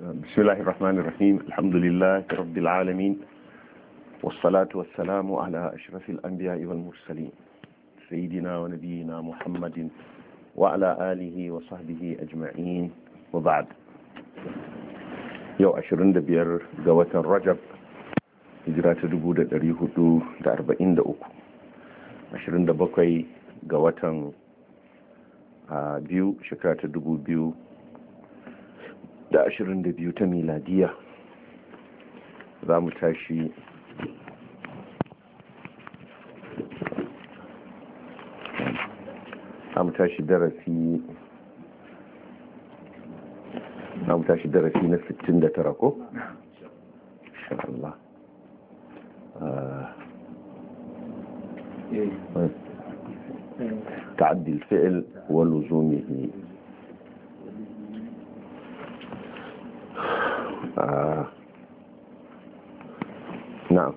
بسم الله الرحمن الرحيم الحمد لله رب العالمين والصلاة والسلام على أشرف الأنبياء والمرسلين سيدنا ونبينا محمد وعلى آله وصحبه أجمعين وبعد يو أشرين دبير قوة رجب هجرات دبودة دريهدو داربعين دأوكو أشرين دبقي قوة biyu shekara ta dubu biyu da 22 ta miladiya za mu tashi za mu tashi darasi na 69 ko? Allah. تعدي الفعل ولزومه آه. نعم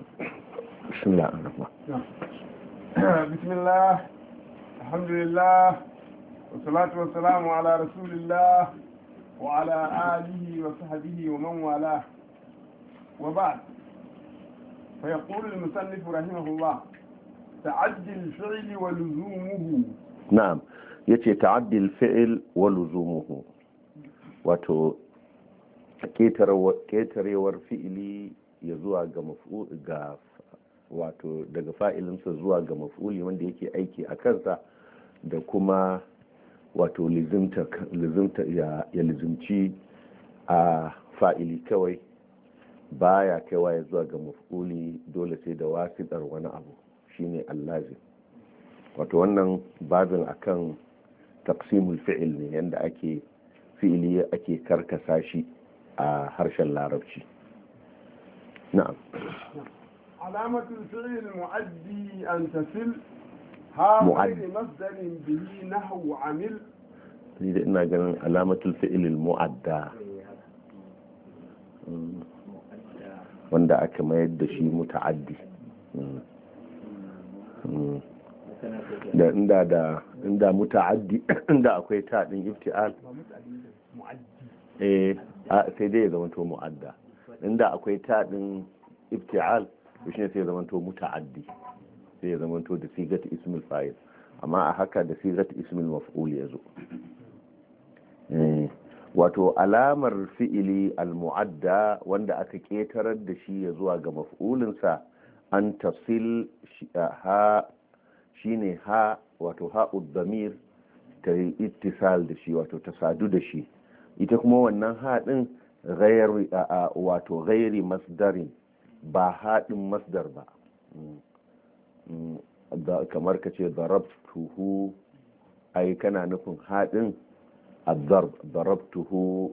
بسم الله نعم. بسم الله الحمد لله والصلاة والسلام على رسول الله وعلى آله وصحبه ومن والاه وبعد فيقول المصنف رحمه الله تعدي الفعل ولزومه نعم yace الفعل ولزومه وتو ketarewar fi'ili ya zuwa ga ga wato daga fa'ilinsa zuwa ga maf'uli wanda yake aiki a kansa da kuma wato ya lizimci a fa'ili kawai baya kaiwa ya zuwa ga maf'uli dole sai da wasiɗar wani abu shine allazi wato wannan babin akan taqsimul fi'il ne yadda ake fi'ili ake karkasa shi a harshen larabci na'am alamatul fi'il mu'addi an tasil ha mu'addi masdarin bihi nahwu amil ni da ina ganin alamatul fi'il mu'adda wanda aka mayar da shi muta'addi da inda da inda muta'addi inda akwai ta din iftial eh sai dai ya zamanto mu'adda inda akwai taɗin ifti'al ibti'al to shine sai ya zamanto muta'addi sai ya zamanto da sigat ismul fa'il amma a haka da sigat ismul maf'ul ya zo eh, wato alamar fi'ili al-mu'adda wanda aka ketarar da shi ya zuwa ga maf'ulinsa an tafsil ha shine ha wato ha'ud damir ta ittisal da shi wato tasadu da shi ita kuma wannan haɗin wato gairi masdarin ba haɗin masdar ba mm. Mm. kamar ka ce darabtuhu ai kana nufin haɗin الضرب ضربته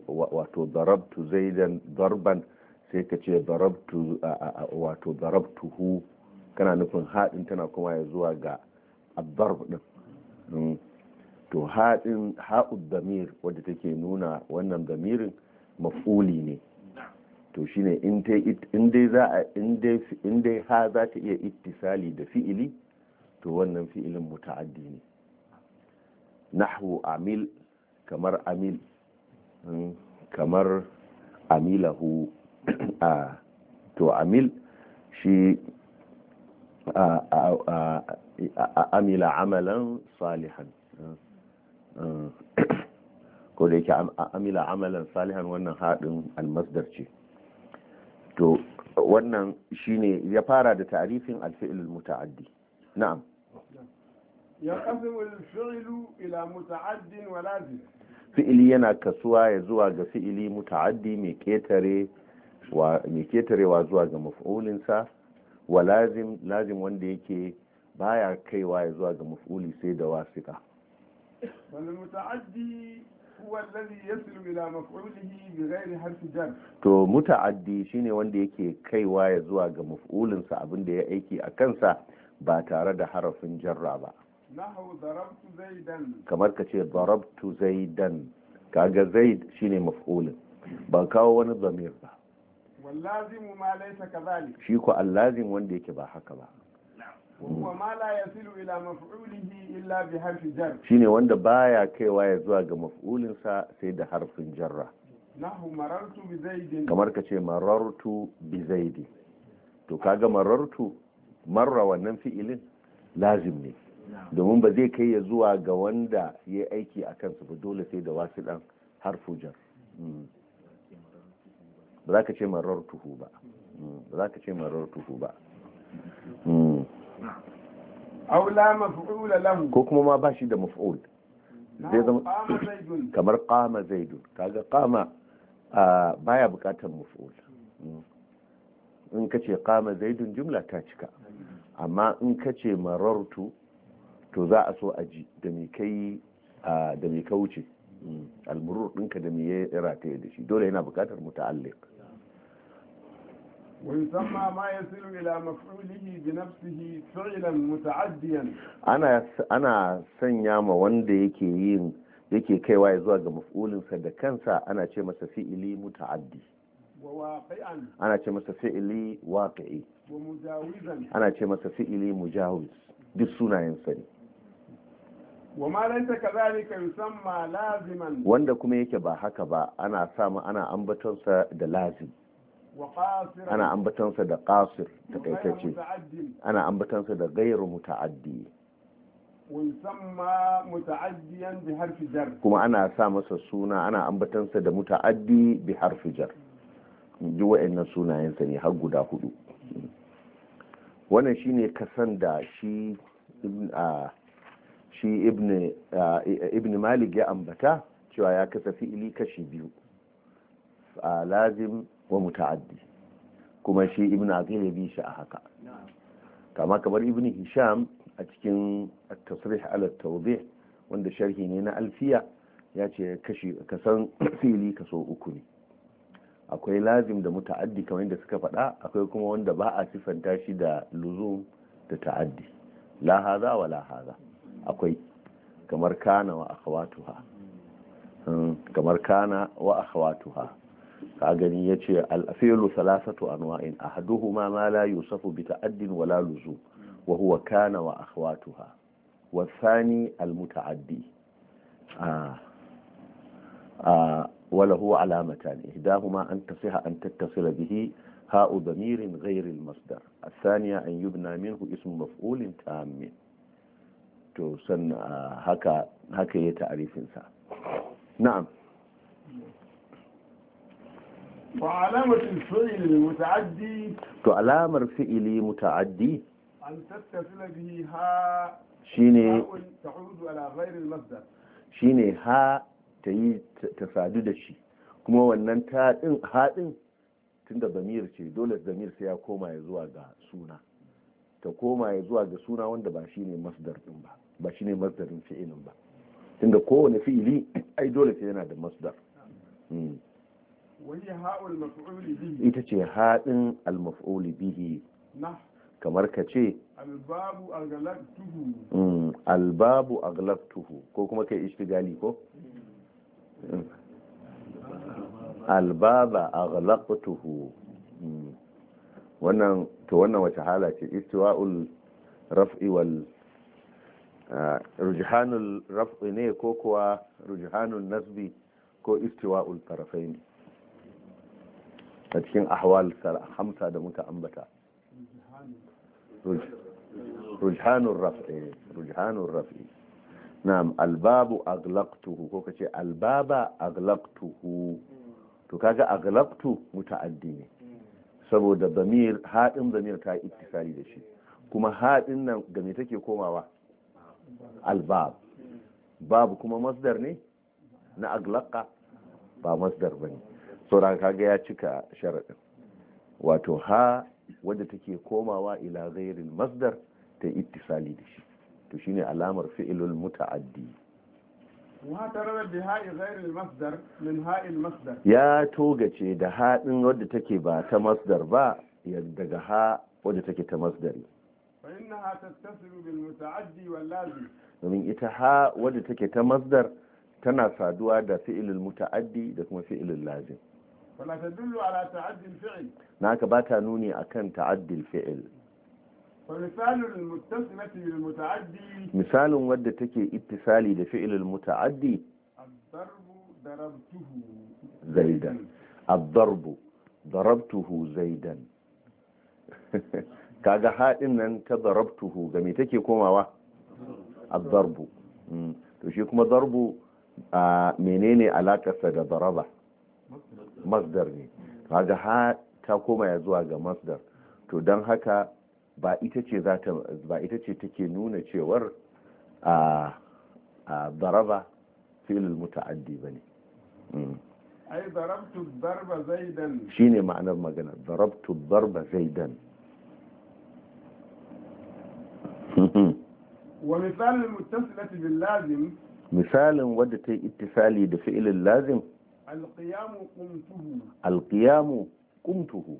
واتو zai زيدا ضربا sai ka ce wato darabtuhu kana nufin haɗin tana kuma ya zuwa ga abdarb ɗin mm. to haɗin haɗin damir wadda take nuna wannan damirin maf'uli ne to shine in dai za a in dai ha za ta iya ittisali da fi'ili to wannan fi'ilin muta'addi ne Nahu amil kamar amil hmm, kamar amilahu a to amil shi a amila amalan salihan ko da yake amila amalan salihan wannan haɗin almasdar ce to wannan shine ya fara da tarifin alfi'il muta'addi na'am ينقسم الفعل yana kasuwa ya zuwa ga fi'ili muta'addi mai ketare wa mai ketarewa zuwa ga maf'ulin sa wa lazim lazim wanda yake baya kaiwa ya zuwa ga maf'uli sai da wasika والمتعدي هو الذي يصل إلى مفعوله بغير حرف جر to muta'addi ne wanda yake kaiwa ya zuwa ga maf'ulinsa abin da ya aiki a kansa ba tare da harafin jarra ba nahu darabtu zaidan kamar kace darabtu zaidan kaga zaid ne maf'ulin ba kawo wani zamir ba wallazimu ma laysa kadhalik shi ko allazim wanda yake ba haka ba shi ne wanda baya kaiwa ya zuwa ga maf'ulinsa sai da harfin jarra kamar ka ce marartu bi to kaga marartu marra wannan fi'ilin lazim ne domin ba zai kai ya zuwa ga wanda ya aiki a kansu ba dole sai da wasu dan harfu jar hmm. ba za ka ce marartuhu ba hmm. ba za ka ce tuhu ba hmm. aw lahu ko kuma ma bashi da maf'ul zai zama kamar qama zaidu kaga qama baya bukatar maf'ul mm. in ka ce qama zaidun jumla ta cika amma in ka ce marartu to za a so a ji da me kai da ka wuce mm. almuru ɗinka da me ya rataye da shi dole yana bukatar muta'alliq ويسمى ما يصل الى مفعوله بنفسه فعلا متعديا انا انا سنيا ما yake yin yake kaiwa ya zuwa ga maf'ulinsa da kansa ana ce masa fi'ili muta'addi ana ce masa fi'ili waqi'i ana ce masa fi'ili mujawiz duk sunayen sa ne wanda kuma yake ba haka ba ana samu ana ambatonsa da lazim ana ambatansa da qasir kaitace ana ambatansa da gairu muta'addi kuma ana sa masa suna ana ambatansa da muta'addi bi harfi jar ji wa'annan sunayensa ne har guda hudu wannan shine kasan da shi shi ibn malik ya ambata cewa ya kasa fi'ili kashi biyu lazim wa muta'addi kuma shi ibn aqil ya bi shi a haka kama kamar ibn hisham a cikin at-tasrih ala tawdih wanda sharhi ne na alfiya ya ce kashi ka san fili kaso uku ne akwai lazim da muta'addi kamar yadda suka faɗa akwai kuma wanda ba a sifanta shi da luzum da ta'addi la haza wa la haza akwai kamar kana wa akhawatuha hmm, kamar kana wa akhawatuha ka gani ya ce al'afilu salasatu anwa'in haduhu ma la yusafu bi ta'addin wala luzu wa huwa kana wa akhwatuha wa thani al muta'addi wala huwa alamatan ihdahuma an tasiha an tattasila bihi ha'u damirin غير المصدر الثانية أن يبنى منه ismu مفعول تام to san haka haka ya ta'arifinsa na'am to alamar fi'ili muta'addi an tattasila bihi ha shine ta'udu ala ghairi al-masdar shine ha ta yi ta sadu da shi kuma wannan ta din ha din tunda damir ce dole damir sai ya koma ya zuwa ga suna ta koma ya zuwa ga suna wanda ba shine masdar din ba ba shine masdarin fi'ilin ba tunda kowane fi'ili ai dole sai yana da masdar ita ce haɗin almaf'uli bihi kamar ka ce albabu aglaftuhu mm, ko kuma kai ishigali ko mm. albaba aglaftuhu mm. wannan to wannan wace hala ce istiwa'ul raf'i wal rujhanul raf'i ne ko kuwa rujhanul nasbi ko istiwa'ul ne. a cikin ahwal hamsa da muka ambata rujhanun raf'i rujhanun raf'i na'am albabu aglaqtuhu ko kace albaba aglaqtuhu to kaga aglaqtu muta'addi ne saboda damir haɗin damir ta ittisali da shi kuma haɗin nan ga me take komawa albab babu kuma masdar ne na aglaqa ba masdar bane sauran kaga ya cika sharaɗin wato ha wadda take komawa ila ghairil masdar ta ittisali da shi to shine alamar fi'ilul muta'addi ya togace da haɗin wadda take ba ta masdar ba daga ha wadda take ta masdari domin ita ha wadda take ta masdar tana saduwa da fi'ilul muta'addi da kuma fi'ilul lazim wala tadullu ala ta'addi al-fi'l na ka ba ta nuni akan ta'addi al-fi'l misalin wadda take ittisali da fi'ilul muta'addi zaidan ad-darbu darabtuhu zaidan kaga haɗin nan ta darabtuhu ga me take komawa ad-darbu to shi kuma darbu menene alakarsa da daraba masdar ne kaga ha ta koma ya zuwa ga masdar to don haka ba ita ce ta ba ita ce take nuna cewar a a daraba fi'il muta'addi bane mm. ai darabtu darba zaidan shine ma'anar magana darabtu darba zaidan wa misalin muttasilati bil lazim misalin wadda ta yi ittisali da fi'ilin lazim alƙiyamu kumtuhu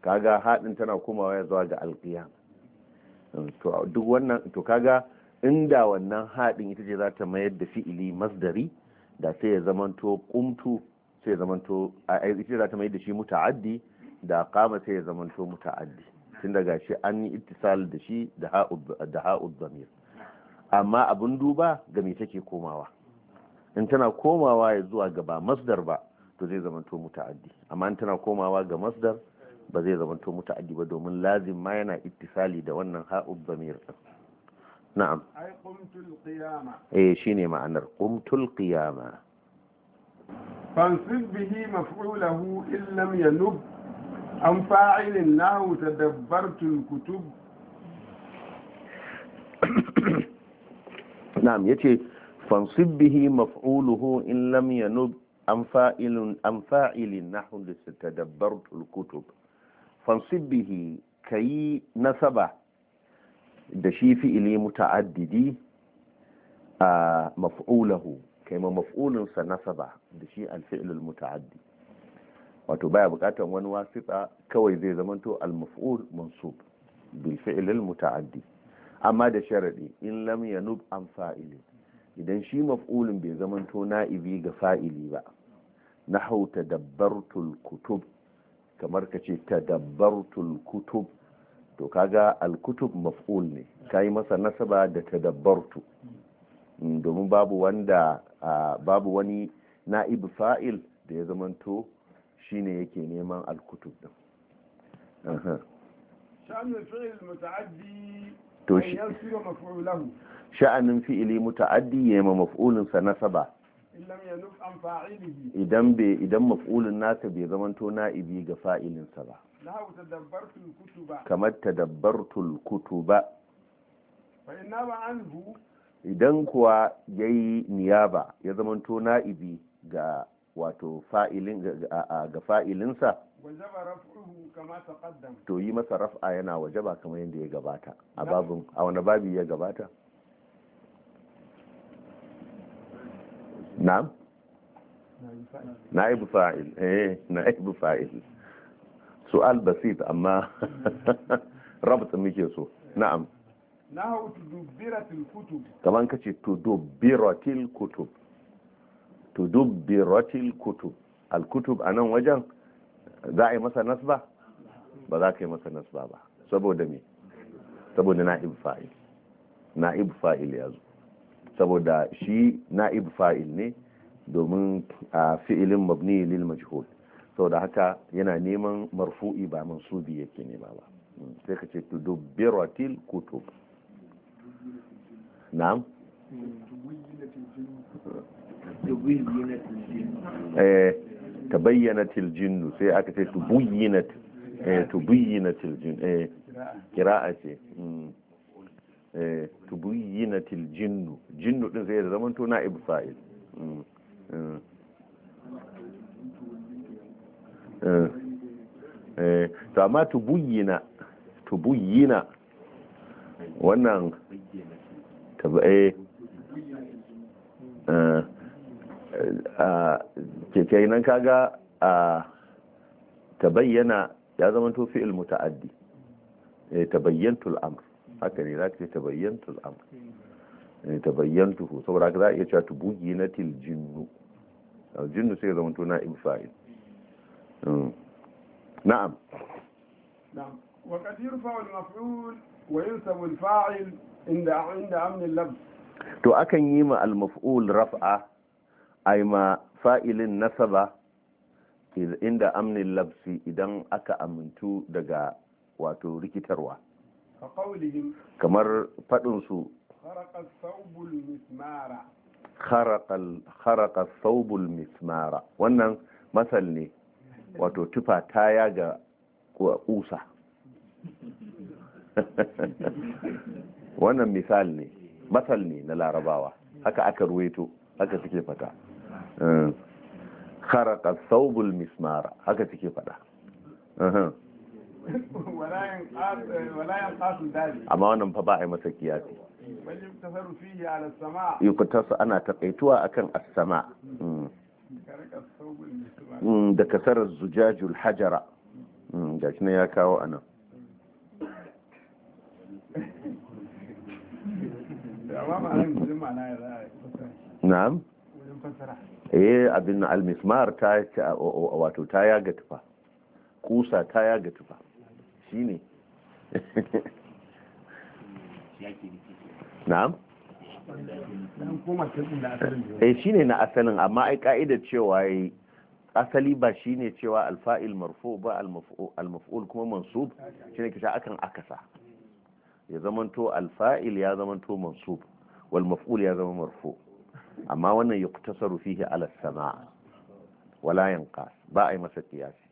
kaga haɗin tana komawa ya zuwa ga alƙiyam to duk wannan to kaga inda wannan haɗin ita ce za ta mayar da fi'ili masdari da sai ya zamanto kumtu sai ya zamanto ita ce za ta mayar da shi muta'addi da kama sai ya zamanto muta'addi tun daga shi an yi ittisal da shi da ha'ud zamir amma abin duba ga me take komawa in tana komawa ya zuwa gaba masdar ba to zai mu muta'addi amma in tana komawa ga masdar ba zai mu muta'addi ba domin lazim ma yana ittisali da wannan ha'ub damir din na'am ai qumtul qiyama eh shine ma'anar qumtul qiyama fansib bihi maf'ulahu in lam yanub an fa'ilin lahu tadabbartul kutub na'am yace fansib bihi maf'uluhu in lam yanub an fa'ilin an fa'ilin nahwu litadabbartul kutub fansib bihi kayi nasaba da shi fi'ili muta'addidi a maf'ulahu kai ma maf'ulinsa nasaba da shi alfi'lul muta'addi wato baya bukatan wani wasita kawai zai zamanto al-maf'ul mansub bil fi'lil muta'addi amma da sharadi in lam yanub an fa'ilin idan shi maf'ulin bai zamanto na'ibi ga fa'ili ba na nahau tadabbartul kutub kamar ka ce tadabbartul kutub to kaga alkutub maf'ul ne yi masa nasaba da tadabbartu mm, domin babu wanda babu wani na'ib fa'il da ya zamanto shine yake neman alkutub din to shi sha'anin fi'ili muta'addi ya ma maf'ulin sa nasaba idan bai idan maf'ulin nasa bai zamanto na'ibi ga fa'ilin sa ba kamar tadabbartul kutuba idan kuwa yayi niyaba ya zamanto na'ibi ga wato fa'ilin ga fa'ilinsa to yi masa raf'a yana wajaba kamar yadda ya gabata a babin a wani babi ya gabata na'am yi fa'il eh yi fa'il su'al basit amma rabt muke so na'am nahu tudubbiratil kutub kaman kace tudubbiratil kutub tudubbiratil kutub al kutub anan wajen za a yi masa nasba ba za ka yi masa nasba ba saboda me saboda na'ib fa'il na'ib fa'il ya zo saboda shi na'ib fa'il ne domin a fi'ilin mabni lil majhul saboda haka yana neman marfu'i ba mansubi yake ne ba hmm, sai ka ce to tudubbiratil kutub na'am eh ta bayyana tiljinnu sai aka ce tubuyyinat eh, tubuyyinat tiljinnu eh, kira'a ce mm, eh, tubuyyinat tiljinnu jinnu din sai da zaman to na ibsa'il mm, to amma tubuyyina tubuyyina wannan tabaye eh keke nan kaga ta bayyana ya zama to fi'il muta'addi eh, tabayyantul amr haka ne za ka ce ta bayyantu eh, tabayyantuhu saboda haka za a iya cewa tubugi na tiljinnu aljinnu sai zama to na ibfa'il hmm. na'am na'am wa qad fa'il maful wa yansabu al-fa'il inda inda amn al-lafz to akan yi ma al-maf'ul raf'a ai ma fa'ilin nasaba inda amnin labsi idan aka amintu daga wato rikitarwa kamar faɗinsu haraka saubul mismara wannan masal ne wato tufa ta ga kusa wannan misal ne masal ne na larabawa haka aka ruweto haka suke fata Eh. kharaqa saubul mismara haka take fada amma wannan fa ba a yi masa kiyasi yukutasu ana takaituwa akan asama. Hmm. Hmm, da kasarar zujajul hajara hmm, ga shi ya kawo anan na'am eh abin na almismar ta wato ta ga tufa kusa ta ga tufa shine na'am eh shine na asalin amma ai ka'idar cewa yi asali ba shine cewa alfa'il marfu ba almaf'ul kuma mansub shine kisa akan akasa ya zamanto alfa'il ya zamanto mansub wal maf'ul ya zama marfu' amma wannan ya tasaru fihi ala sama wala ba a yi masa kiyasi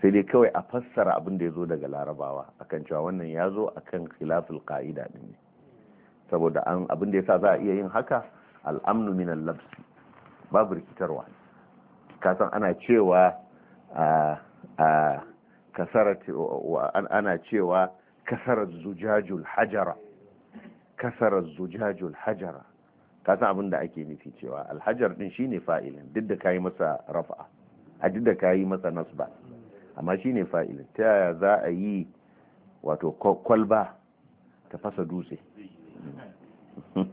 sai dai kawai a fassara abin da ya zo daga larabawa akan cewa wannan ya zo a kan khilafin ka'ida ɗin ne saboda abin da ya sa za a iya yin haka al'amnu min labsi babu rikitarwa kasan ana cewa ana cewa kasarar zujajul hajara kasara zujajul hajara ka san abin da ake nufi cewa alhajar din shine fa'ilin duk da kayi masa rafa a duk da kayi masa nasba amma shine fa'ilin ta yaya za a yi wato kwalba ta fasa dutse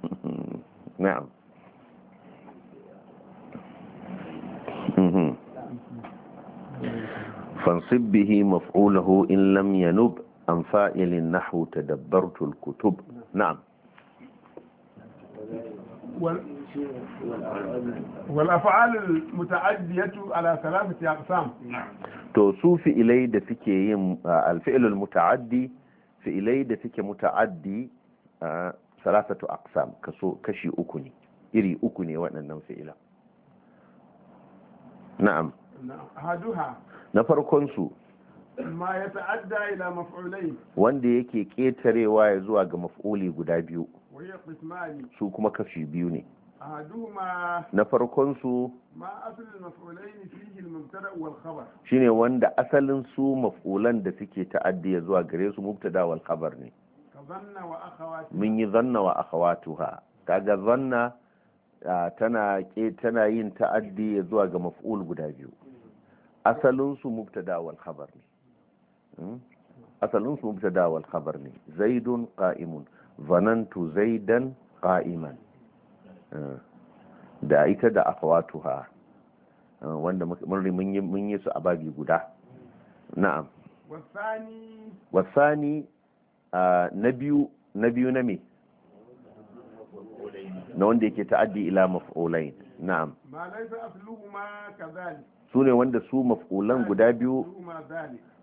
na'am fansib bihi maf'ulahu in lam yanub an fa'ilin ta tadabbartul kutub na'am والأفعال المتعدية على ثلاثة أقسام to su fi'ilai da suke yin alfi'ilul muta'addi fi'ilai da suke muta'addi salasatu aqsam kaso kashi uku ne iri uku ne waɗannan fi'ila na'am haduha na farkon su ma ya ta'adda ila maf'ulai wanda yake ketarewa ya zuwa ga maf'uli guda biyu su kuma kashi biyu ne na farkon su shine wanda asalin su maf'ulan da suke ta'addi ya zuwa gare su mubtada wal khabar ne mun yi zanna wa akhawatuha kaga zanna tana ke tana yin ta'addi ya zuwa ga maf'ul guda biyu asalin su mubtada wal khabar ne hmm? asalin su mubtada wal khabar ne zaidun qa'imun zanantu zaidan qa'iman eh, da ita da akhawatuha eh, wanda mun yi su a babi guda na'am wasani eh, na biyu na me na wanda yake ta'addi ila maf'ulain na'am su ne wanda su maf'ulan guda biyu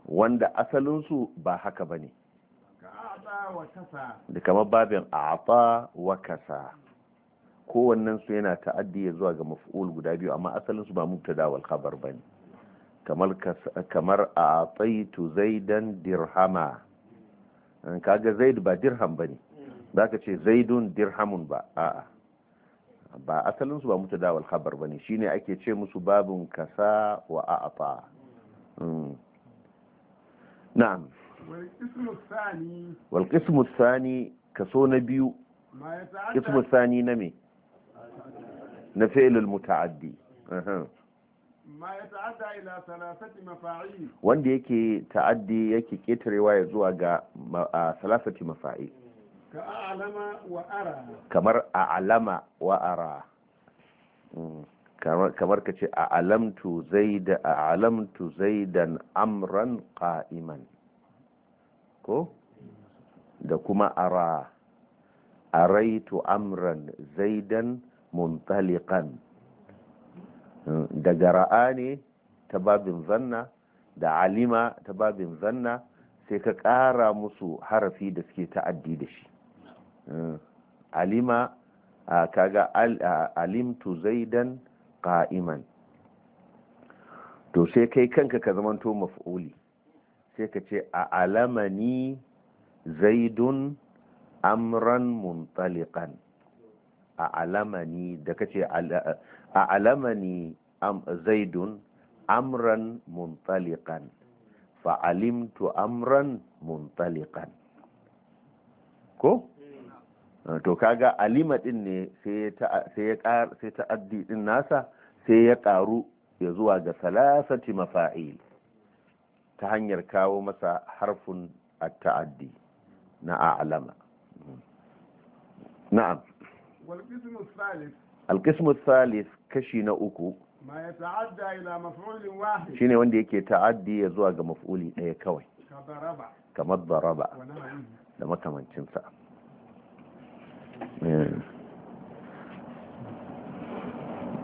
wanda asalinsu ba haka ba ne. da kamar babin a'ata wa kasa kowannen su yana ta'addi ya zuwa ga maf'ul guda biyu amma asalin su ba mubtada wal khabar bane kamar kamar a'taitu zaidan dirhama kaga zaid ba dirham bane zaka ce zaidun dirhamun ba a'a ba asalin su ba mubtada wal khabar bane shine ake ce musu babun kasa wa a'ata hmm. na'am wal qismu thani kaso na biyu qismu thani na me na fi'lul muta'addi wanda yake ta'addi yake ketarewa ya zuwa ga salasati mafa'il kamar a alama wa ara kamar ka ce a alamtu zaidan amran qa'iman ko da kuma ara araitu amran zaidan muntaliqan hmm, daga ra'a ne ta babin zanna da alima ta babin zanna sai ka ƙara musu harafi da suke ta'addi da shi hmm, alima kaga alimtu zaidan ƙa'iman. to sai kai kanka ka zamanto maf'uli sai ka ce a alamani zaidun amran muntalikan a alamani da ka ce a alamani zaidun amran muntalikan fa'alimtu amran muntalikan ko? Hmm. to kaga alima din ne sai ta'addi din nasa sai ya karu ya zuwa ga salasati mafa'il ta hanyar kawo masa harfin ta'addi na a'lama na'am alkismu salis kashi na uku shi ne wanda yake ta'addi ya zuwa ga maf'uli ɗaya kawai kamar daraba da makamancinsa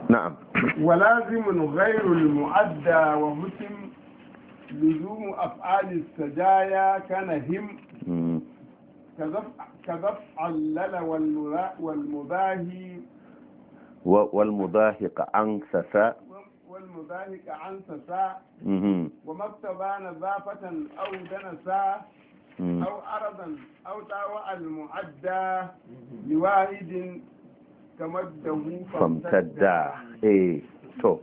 na'am walazimin ghairul mu'adda wa mutum لزوم أفعال السجايا كان هم كذفع اللل والمباهي والمضاهق عن سساء والمضاهق عن سساء وما ابتبان ضافة أو دنسا أو أرضا أو تاوى المعدى لواحد كمده فامتدى إيه تو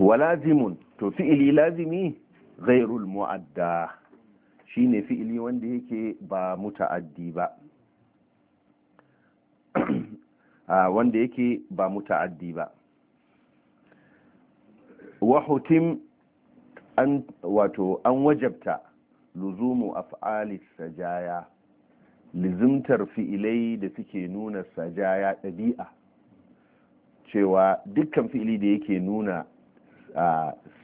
ولازم to fi'ili lazimi ghairul mu'adda shine fi'ili wanda yake ba muta'addi ba ah, wanda yake ba muta'addi ba wa hutim an wato an wajabta luzumu af'ali sajaya lizimtar fi'ilai da suke nuna sajaya ɗabi'a cewa dukkan fi'ili da yake nuna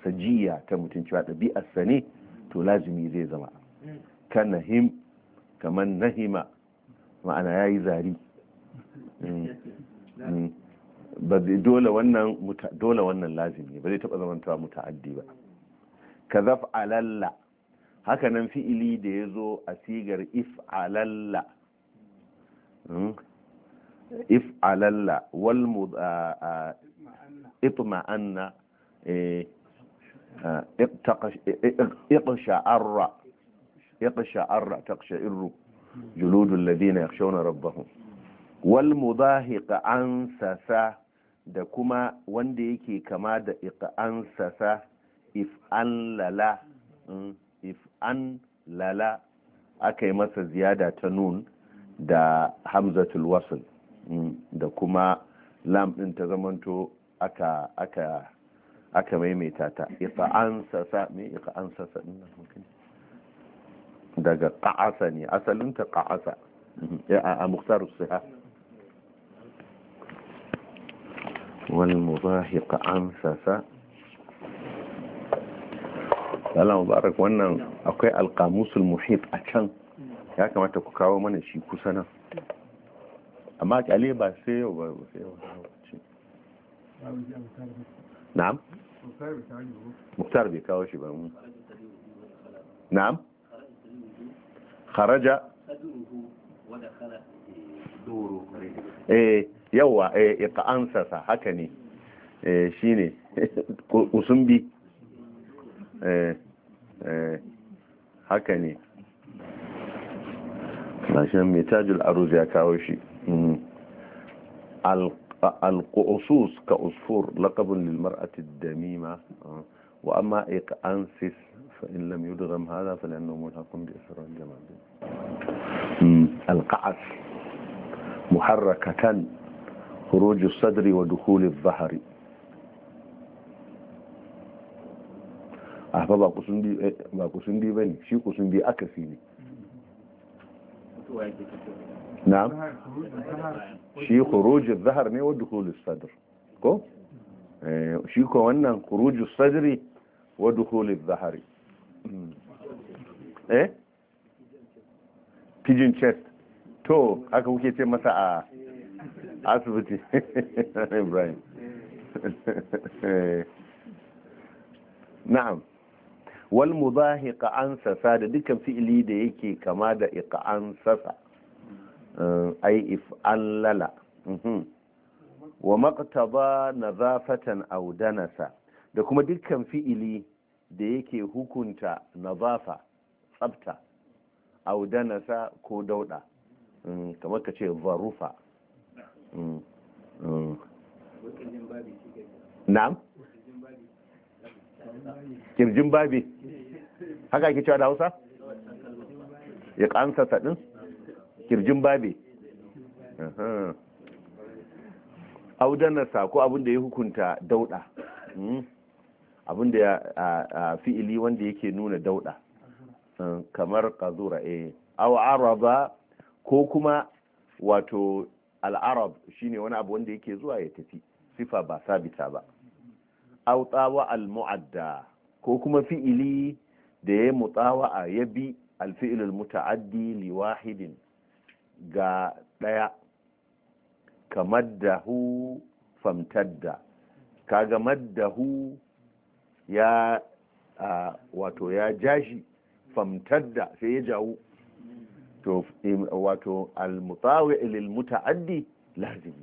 sajiya ta mutum cewa ɗabi'ar ne to lazumi zai zama ka nahim kamar nahima ma'ana ya yi zari mm. Mm. ba dole wannan dole wannan lazimi ba zai taɓa zamantawa muta'addi ba ka alalla haka nan fi'ili da ya zo a sigar if alalla mm. wal itma'anna iqsha'arra iqsha'arra taqsha'iru juludul ladina yakhshawna rabbahum wal mudahiq an sasa da kuma wanda yake kama da iqan sasa if an lala if an lala aka yi masa ziyada ta nun da hamzatul wasl da kuma lam din ta zamanto aka aka aka maimaita ta ifa'ansasa me ifa'ansasa ina hankali daga ƙa'asa ne asalinta ƙa'asa a muktar siha wani mubahi sasa ala mubarak wannan akwai alƙamusul muhit a can ya kamata ku kawo mana shi kusa nan amma ƙyale ba sai yau ba sai yau na'am muktar bai kawo shi ba mu na'am kharaja eh yawa eh iqansa sa haka ne eh shine usumbi eh, eh haka ne sashen mai tajul aruz ya kawo shi mm-hmm. al القعصوص كعصفور لقب للمرأة الدميمة آه، وأما إقأنسس فإن لم يدغم هذا فلأنه ملحق بإسر الجمال القعس محركة خروج الصدر ودخول الظهر أحبا ba دي bi ba ne دي kusun نعم shi khurujul zahar ne wa dukhulus sadr ko eh, shi ko wannan khuruju sadri wa dukhulul zahari hmm. eh pigeon chest to haka kuke ce masa a asibiti ibrahim eh. na'am wal mudahiqa ansasa da dukkan fi'ili da yake kama da iqansasa ai if allala wa maqtaba nazafatan aw danasa da kuma dukkan fi'ili da yake hukunta nazafa tsafta aw danasa ko dauda kamar ka ce zarufa na'am kirjin babi haka ake cewa da hausa ya kansa kirjin babe audanarsa ko abin da ya hukunta dauda hmm? abin ya fi'ili wanda yake nuna dauɗa kamar kazura eh awa araba ko kuma wato al'arab shine wani abu wanda yake zuwa ya tafi sifa ba sabita ba aw tsawa al-mu'adda ko kuma fi'ili da ya mutsawa ya bi al-fi'il al-muta'addi li wahidin ga ɗaya kamar da hu famtadda kaga maddahu ya wato ya jashi famtadda sai ya jawo to wato almutawi ilil mutaaddi lazim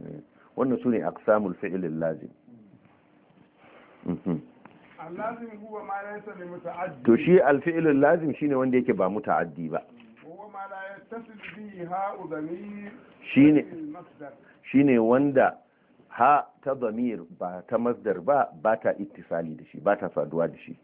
ne hmm. wannan sune a samun al-lazim mhm. to shi alfi'ilin lazim shine wanda yake ba mutaaddi ba Shine wanda ha ta zamir ba ta masdar ba ba ta ittisali da shi ba ta saduwa da shi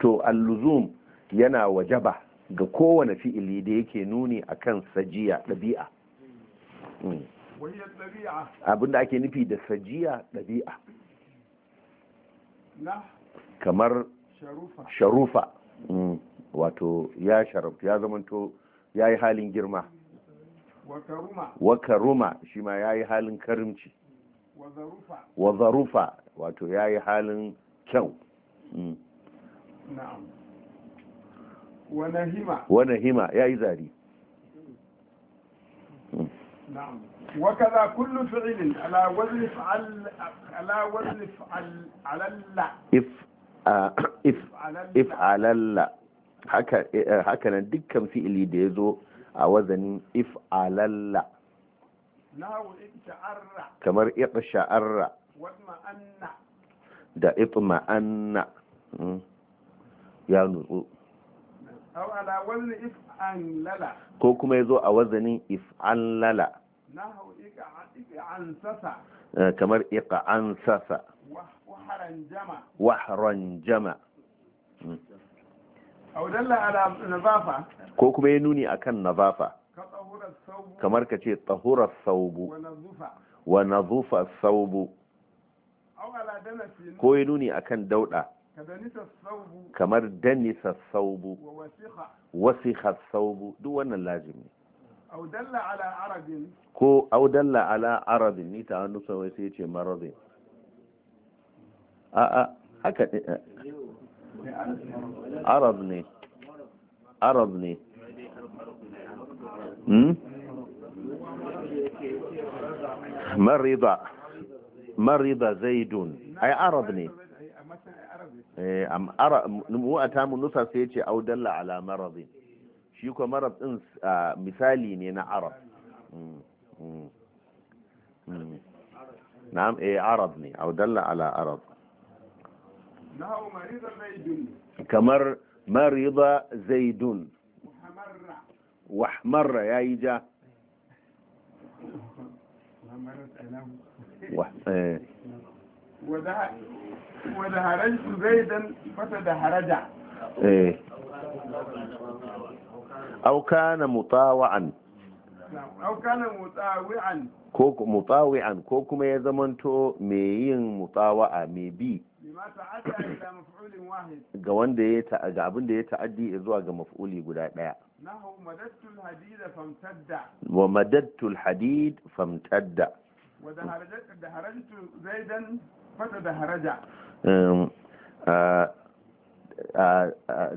to alluzum yana wajaba ga kowane fi'ili da yake nuni akan sajiya ɗabi'a hmm. abinda ake nufi da sajiya ɗabi'a kamar sharufa mm. wato ya sharaftu ya zamanto ya yi halin girma wa karuma shi ma ya yi halin karimci wa zarufa wato ya yi halin kyau mm. wa nahima ya yi zari وكذا كل فعل على وزن فعل على وزن فعل على if alalla eh, haka nan dukkan fi'ili da ya zo a wazanin if alalla kamar iqa sha'arra da ma'anna hmm. ya nutsu ko kuma ya zo a wazanin if an lala eh, kamar iƙa an sasa jama. ko kuma ya nuni akan nazafa kamar ka ce tsahurar saubu wa nazufa saubu ko ya nuni akan dauda kamar danisa saubu wasiha saubu duk wannan lazim ne ko audalla ala arabin ni ta hannu sai ce maradin آه، آه، عربني عربني مريضة مريضة زيدون أي عربني إيه، مو أتام النصر سيتي أو دل على مرضي شيكو مرض إنس آه، مثالي نينا عرب نعم اي عربني أو دل على عرب kamar marida zaidun wahmarra ya yi ja wadda zai zaidan fata da haraja auka na مطاوعا أو كان مطاوعا كوك mai bi ga wanda ya ga abin da ya ta'addi zuwa ga maf'uli guda daya wa madadtu alhadid famtadda wa daharajtu zaidan fata daharaja um,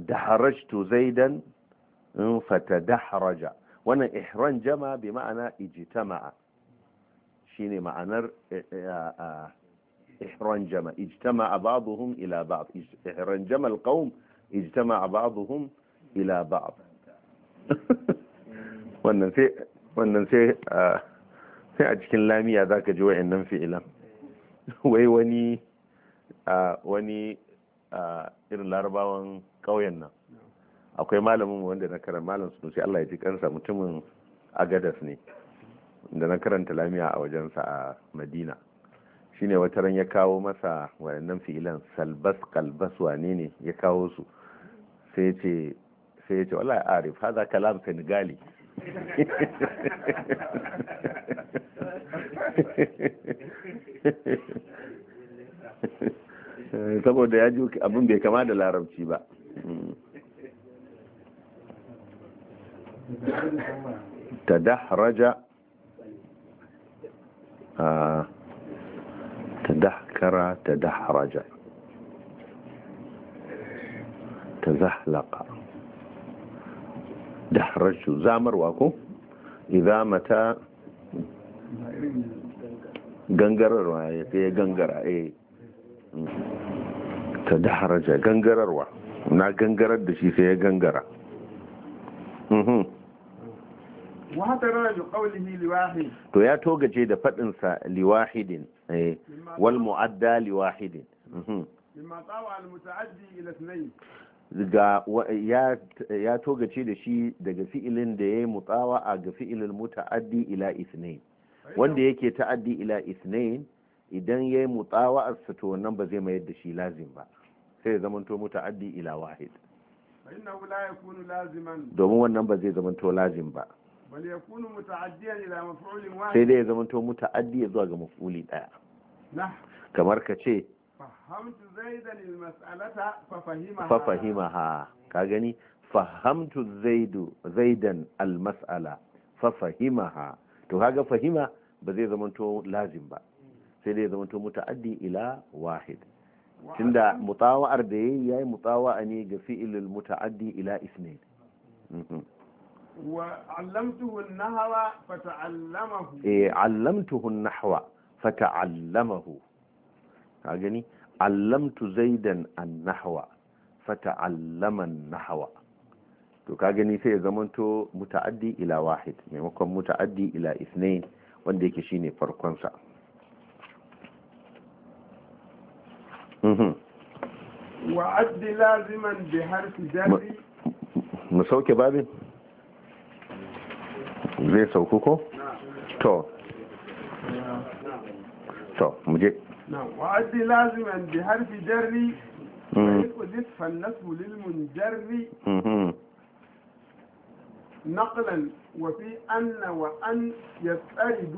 daharajtu zaidan um, fata daharaja wannan ihran jama bi ma'ana ijtama'a shine ma'anar eh, eh, ihranjama ijtama ba'dhum ila ba'd ihranjama alqawm ijtama ba'dhum ila ba'd wannan sai a cikin lamiya zaka ji wayannan fi'ilan wai wani wani irin larabawan ƙauyen nan akwai malamin wanda na karanta malam su sunusi Allah ya ji kansa mutumin agadas ne da na karanta lamiya a wajensa a madina shine wata ran ya kawo masa waɗannan filan salbas kalbas wane ne ya kawo su sai ya ce a wallahi arif haza kalam senegali saboda ya ji abin bai kama da larabci ba ta da haraja. Ah. ذكر تدحرج تزحلق دحرج زامر واكو إذا متى gangararwa ya tsaye gangara eh ta daharaja gangararwa na gangarar da shi sai ya gangara to ya togaje da faɗinsa liwahidin eh, wal mu'adda liwahidin mhm. ga ya togace da shi daga fi'ilin da ya yi mutsawa a ga fi'ilin muta'addi ila isnain wanda yake ta'addi ila isnain idan ya yi mutsawa a to wannan ba zai mayar da shi lazim ba sai ya zamanto muta'addi ila wahid domin wannan ba zai zamanto lazim ba sai dai ya zama to muta'addi zuwa ga maf'uli daya kamar ka ce fahimtu zaidan almas'alata fa fa ka gani fahimtu zaidu zaidan almas'ala fa ha to kaga fahima ba zai zama to lazim ba sai dai ya zama to muta'addi ila wahid tunda mutawa'ar da yayi yayi mutawa'a ne ga fi'ilul muta'addi ila isma'il. Mhm. وعلمته النحو فتعلمه إيه علمته النحو فتعلمه أجني علمت زيدا النحو فتعلم النحو to ka gani sai ya zamanto muta'addi ila wahid maimakon muta'addi ila isnain wanda yake shine farkonsa. sa wa laziman bi harfi mu sauke babin zai sauku ko to to muje wa'addi laziman bi harfi jarri mm. jarri. Mm-hmm. Naqlan ويقدس فالنسب للمنجر نقلا وفي أن وأن يسترد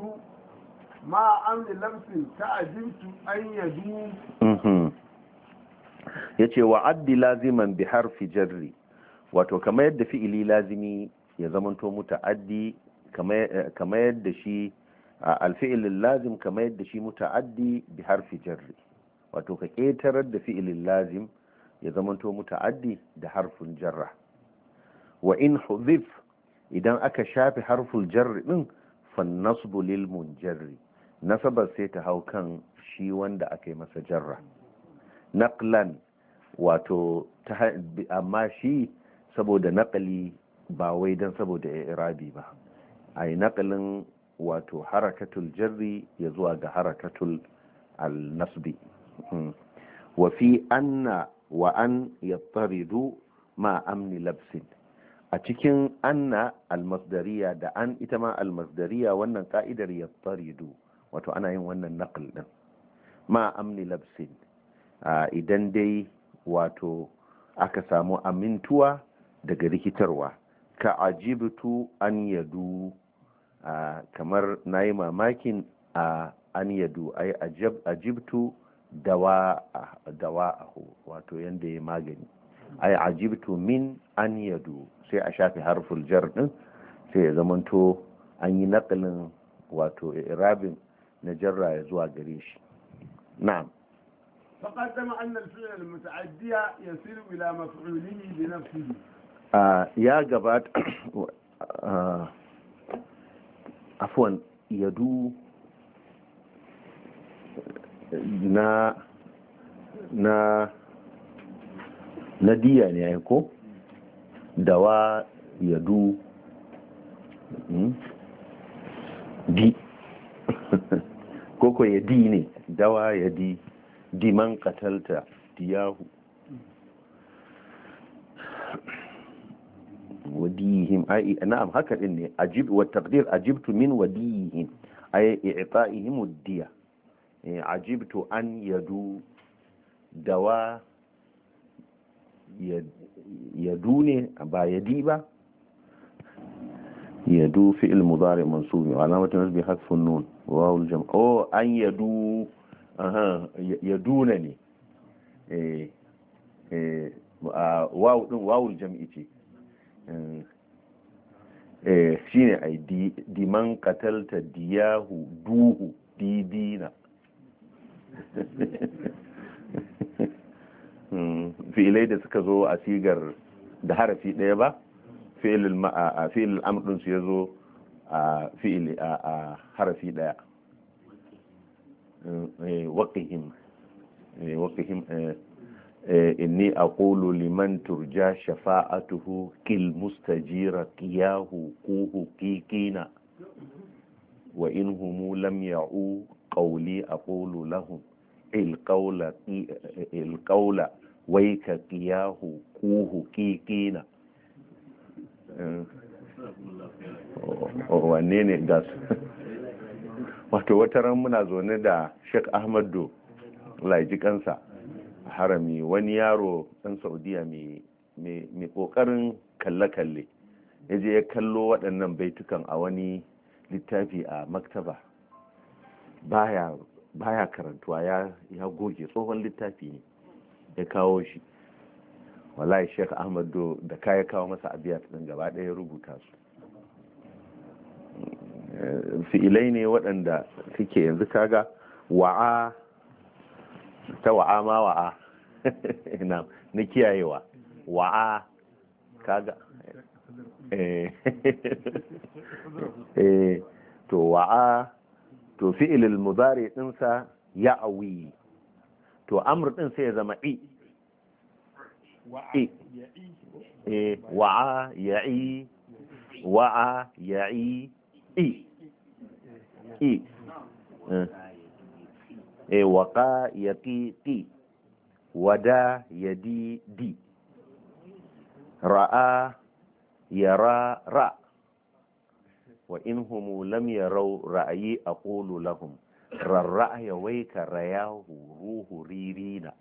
مع أمر لمس تعجبت أن Ya yace wa addi laziman bi harfi jarri wato kamar yadda fi'ili lazimi ya zamanto mutu addi. kama yadda shi alfi'ilin lazim kama yadda shi muta'addi bi harfi jarri wato ka ƙetarar da fi'ilin lazim ya zamanto muta'addi da harfin jarra wa in hudhif idan aka shafi harful jarri din fa nasbu lil munjarri nasabar sai ta hau kan shi wanda aka yi masa jarra naqlan wato amma shi saboda naqali ba wai dan saboda irabi ba a yi naƙalin wato harakatul jarri ya zuwa ga harakatul al-nasbi wa fi anna wa an yattaridu ma amni labsin a cikin anna almasdariya da an ita ma almasdariya wannan ka'idar yattaridu wato ana yin wannan naql din ma amni labsin idan dai wato aka samu amintuwa daga rikitarwa ka ajibtu an yadu kamar na yi mamakin a an yadu ai ajibtu dawa ahu wato yadda ya magani ai ajibtu min an yadu sai a shafi harful jar din sai ya zamanto an yi nakalin wato irabin na jarra ya zuwa gare shi na'am فقدم أن الفعل المتعدي يصير إلى مفعوله بنفسه آه يا ya gabata. afuwan yadu na na na diya ne ya ko dawa yadu hmm? di koko ya ne dawa ya di diman katalta diyahu أي نعم هكذا إني أجيب والتقدير أجبت من وديهم أي إعطائهم الدية عجبت إيه، أن يدو دواء يدوني با يديبا يدو فعل مضارع منصوب وعلامة نصبه حذف النون واو الجمع أو أن يدو أها يدونني اي اي آه، واو واو الجمع تي Eh, shine ai diman katalta diyahu duhu didina hmm, fi'ilai da suka zo a sigar da harafi ɗaya ba fi'il amdin su ya zo a fi'il a harafi ɗaya eh, eh, waƙihim waƙihim Eh, inni a aqulu liman turja shafa'atuhu kil mustajira kiyahu kuhu kikina wa in humu lam ya'u qawli a lahum il qawla wai qawla kiyahu kuhu quhu kikina eh, oh, wanne ne da su wato wata ran muna zaune da Sheikh Ahmadu Laiji kansa harami wani yaro ɗan saudiya mai ƙoƙarin kalle-kalle ya je ya kallo waɗannan baitukan a wani littafi a maktaba baya karantuwa ya goge tsohon littafi ne ya kawo shi wallahi sheikh ahmad da kaya kawo masa abiyat ɗin gaba ɗaya rubuta su fi'ilai ne waɗanda suke yanzu kaga wa'a ta wa'a ma wa'a na kiyayewa wa'a kaga eh, eh to wa'a to fi'ilil mudari dinsa ya awi to amr din sai ya zama i wa'a eh, ya'i wa'a ya'i i i eh, eh waqa yaqi ti wada ya di ra'a ya ra wa in humu lam rau ra'ayi kolo lahum rarra ya wai ka raya ruhu ririna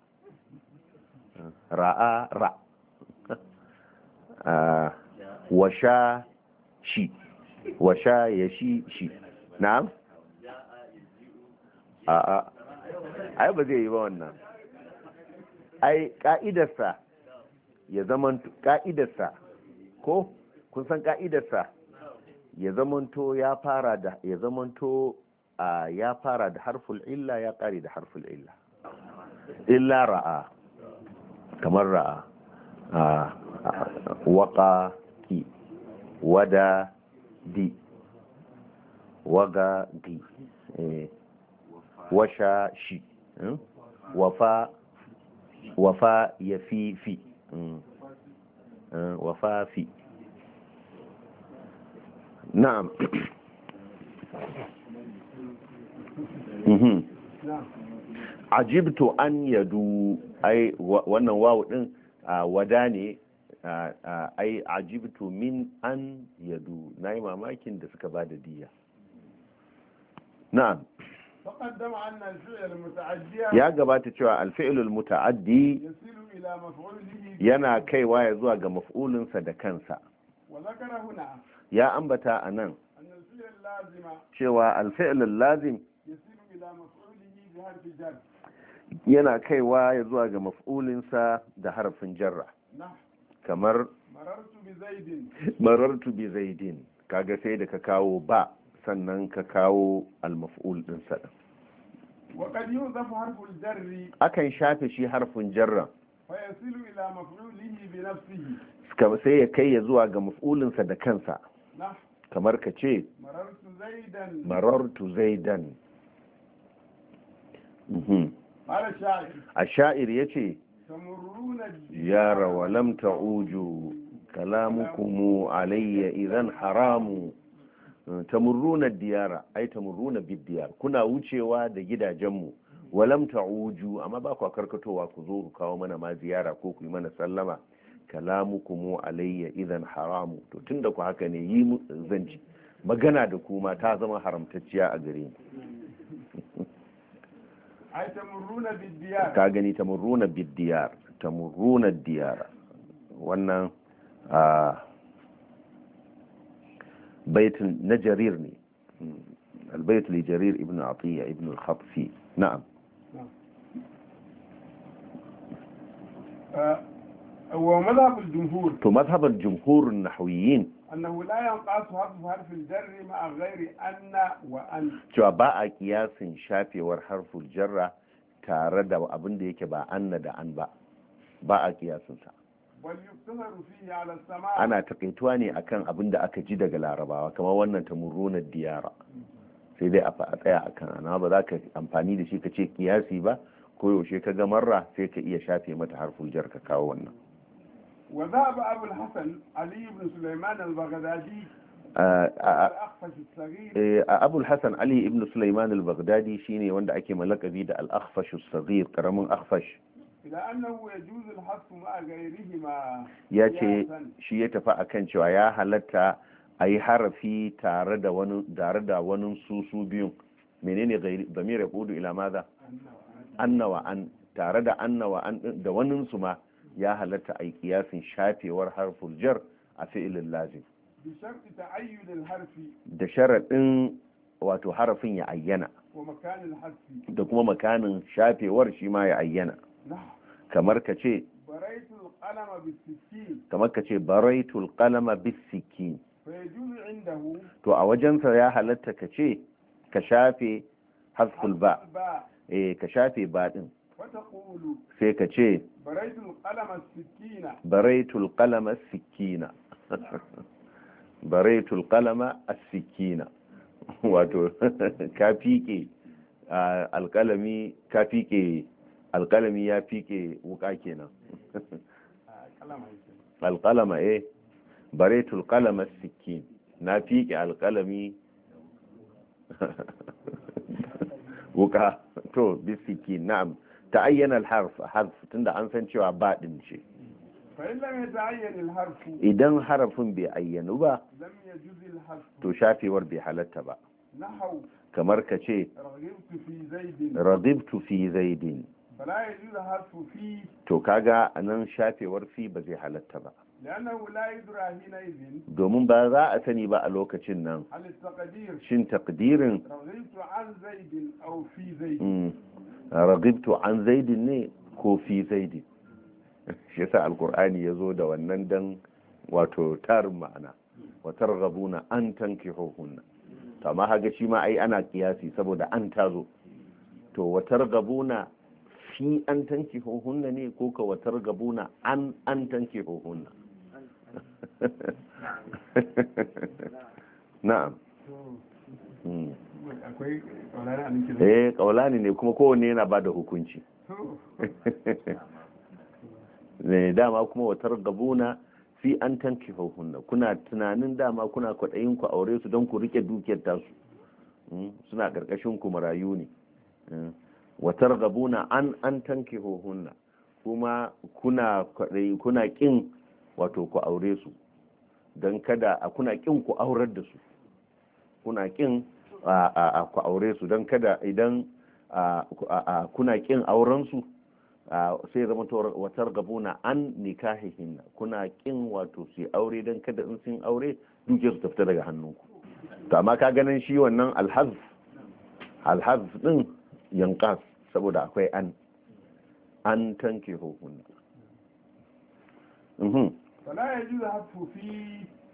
ra'a ra ah, sha shi sha ya shi shi na'am a ai ba zai yi ba wannan ai ka'idarsa ya zamanto ka'idarsa ko kun san ka'idarsa ya zamanto ya fara da ya zamanto ya fara da harful illa ya kare da harful illa illa ra'a kamar ra'a waka ki wada di waga di eh, washa shi hmm? wafa wafa ya fi fi mm. Mm, wafa fi na'am mm-hmm. ajibtu an yadu ai wannan wawu din wada ne ai ajibtu min an yadu na yi mamakin da suka ba da diya na'am ya gabata cewa alfi'ilul muta'addi yana kaiwa ya zuwa ga maf'ulinsa da kansa ya ambata a nan cewa alfi'ilul lazim yana kaiwa ya zuwa ga maf'ulinsa da harafin jarra kamar marartu bi zaidin kaga sai da ka kawo ba sannan ka kawo al-maf'ul din shi وقد يوظف حرف الجر أكن ya شي حرف جر فيصل إلى مفعوله بنفسه kamar ka ce marartu zaidan mhm. a sha'ir ya ce yara walam ta'uju kalamukumu alayya idan haramu tamurruna diyara ai tamurruna bidiyar kuna wucewa da gidajenmu walam ta'uju amma ba ku karkatowa ku zo ku kawo mana ma ziyara ko ku yi mana sallama kalamukumu alayya idan haramu to tunda ku haka ne yi mu zanci magana da kuma ta zama haramtacciya a gare ni ka gani tamurruna bidiyar tamurruna diyara wannan a ah, بيت نجريرني البيت لجرير ابن عطية ابن الخطفي نعم آه، هو مذهب الجمهور تو مذهب الجمهور النحويين أنه لا ينقص حرف حرف الجر مع غير أن وأن شو باء قياس شافي وحرف الجر تارد وأبن ديك با أن دا أن با باء قياس شافي ana takaituwa ne akan abin da aka ji daga larabawa kamar wannan ta murronar diyara sai dai a tsaya akan ana ba za ka amfani da shi ka ce kiyasi ba ko yaushe ka ga marra sai ka iya shafe mata harfin jar ka kawo wannan a abul ali ibn sulaiman al-baghdadi abul hassan eh, ali ibn sulaiman al-baghdadi shine wanda ake malakabi da al-akhfash as-saghir karamin akhfash ya ce shi ya tafi a kan cewa ya halatta a yi harafi tare da wani susu biyu menene zamira kudu ila maza annawa an tare da annawa an da wani su ma ya halatta a yi kiyasin shafewar harful jar a fi'ilin lazim da sharaɗin wato harafin ya ayyana da kuma makanin shafewar shi ma ya ayyana kamar ka ce kamar ka ce baraitul qalama bisikin to a wajensa ya halatta ka ce ka shafe haskul ba eh ka shafe ba din sai ka ce baraitul qalama sikina baraitul qalama sikina wato ka fike alkalami ka fike alƙalami ya fike wuka kenan alƙalama eh baretul kalama sikin na fike alƙalami wuka to bisiki na'am ta ayyana alharf harf tunda an san cewa baɗin ce idan harafin bai ayyanu ba to shafewar bai halatta ba kamar ka ce ragibtu fi zaidin to kaga anan shafewar fi ba zai halatta ba domin ba za a sani ba a lokacin nan shin takdirin ragibtu an zaidin ne ko fi zaidin shi yasa alkur'ani ya zo da wannan dan wato tarin ma'ana watar rabuna an tanki hunna to amma haga shi ma ai ana kiyasi saboda an tazo to watar rabuna shi an tanki hohunna ne ko watar gabuna an an tanki hohunna na'am hmm. eh kaulani ne kuma kowanne yana ba da hukunci ne oh. eh, dama kuma watar gabuna fi an tanki hohunna kuna tunanin dama kuna kwaɗayin ku aure su don ku rike dukiyar tasu hmm, suna ƙarƙashin ku marayu ne eh. Watar targhabuna an an tankihuhunna kuma kuna kuna kin wato ku aure su don kada a kuna kin ku aurar da su kuna kin a ku aure su don kada idan kuna kin auren su sai zama watar gabuna an nikahihin kuna kin wato su aure don kada in sun aure duke su tafta daga hannunku to amma ka ganin shi wannan alhaz alhaz din yankas saboda akwai an an tanke hukunna mhm.